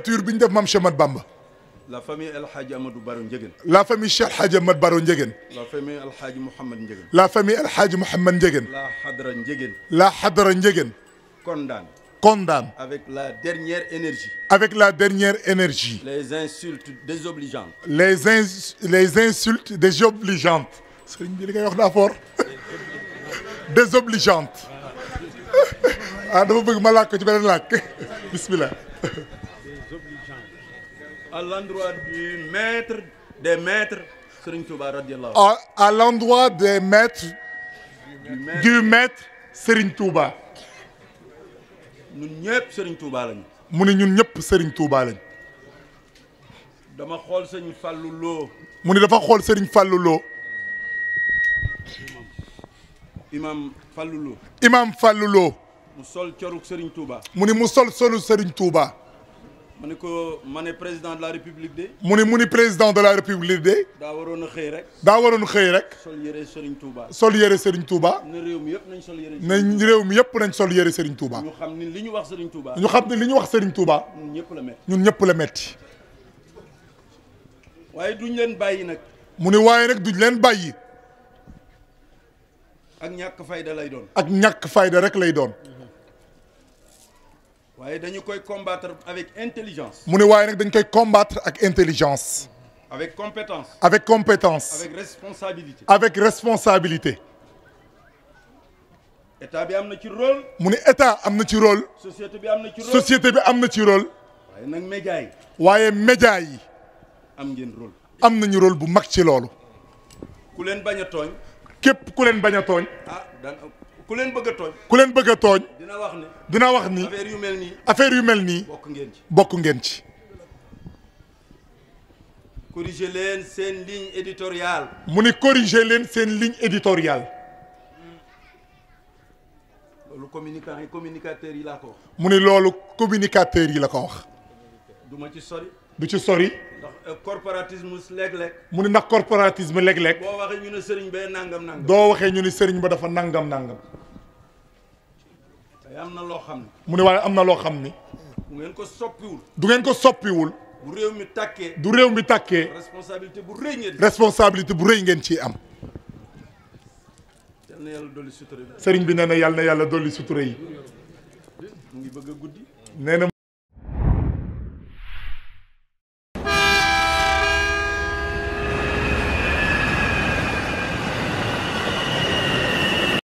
caricature bi ñu def maam Cheikh Ahmadou Bamba. la famille El Hadj Amadou Baro Ndiéguène. la famille Cheikh El Hadj Amadou Baro Ndiéguène. la famille El Hadj Mouhamad Ndiéguène. la famille El Hadj Mouhamad Ndiéguène. la Hadra Ndiéguène. la Hadra Ndiéguène. Kondaan. Kondaan. avec la dernière énergie. avec la dernière énergie. les insultes désobligeantes. les ins les insultes désobligeantes. sëriñ bi li ngay wax daa fort. désobligeantes. ah dafa bëgg ma laaj ko ci beneen laaj bismillah. à l'endroit du maître des maîtres Serigne Touba radiyallahu à, à l'endroit des maîtres lañu mu ni ñun ñëpp sëriñ Touba lañu dama xool sëñ Fallou loo mu ni dafa xool Serigne Fallou Lo imam Fallou Lo imam Fallou Lo mu sol coruk sëriñ Touba mu ni mu sol solu Serigne Touba mu ne ma ne président de la république de. mu ne mu ni président de la république de. daa waroon a xëy rek. daa waroon xëy rek. sol yére Serigne Touba. sol yére Serigne Touba. réew mi yëpp nañ sol yére. nañ réew mi yëpp nañ sol yére Serigne Touba. ñu xam ne li ñu wax Serigne Touba. ñu xam ne li ñu wax Serigne Touba. ñun ñëpp la metti ñun ñëpp la duñ leen bàyyi nag. mu ne waaye nag duñ leen bàyyi. ak ñàkk fayda lay doon. ak ñàkk fayda rek lay doon. waaye dañu koy combattre avec intelligence. mu ne waaye nag dañ koy combattre ak intelligence. avec compétence. avec compétence. avec responsabilité. avec responsabilité. état bi am na ci rôle. mu ne état am na ci rôle. société bi am na ci rôle bi am na ci rôle. waaye nag média yi. waaye média yi. am ngeen rôle. am nañu rôle bu mag ci loolu. ku leen bañ a tooñ. képp ku leen bañ a tooñ. ah ku leen bëgg a tooñ. ku leen bëgg a tooñ. dinaa wax ni dina wax ni affaire yu mel nii. affaire yu mel nii bokk ngeen ci bokk ngeen ci. corriger leen seen ligne éditoriale. mu ni corriger leen seen ligne éditoriale. loolu communicant communicateurs yi laa ko mu ni loolu communicateur yi la ko wax. du ma ci sori. du ci sori. ndax euh, corporatisme léeg-léeg. mu ni nax corporatisme léeg-léeg. boo waxee ñu ne sëriñ ba nangam nangam. doo waxee ñu ne sëriñ ba dafa nangam nangam. am na loo xam ne. mu ne waaye am na loo xam ni. du ngeen ko soppiwul. du ngeen ko soppiwul. bu réew mi tàkkee. du réew mi tàkkee. responsabilité bu rëy ngeen. responsabilité bu rëy ngeen ciy am. yal na yàlla sëriñ bi nee na yal na yàlla dolli sutura yi.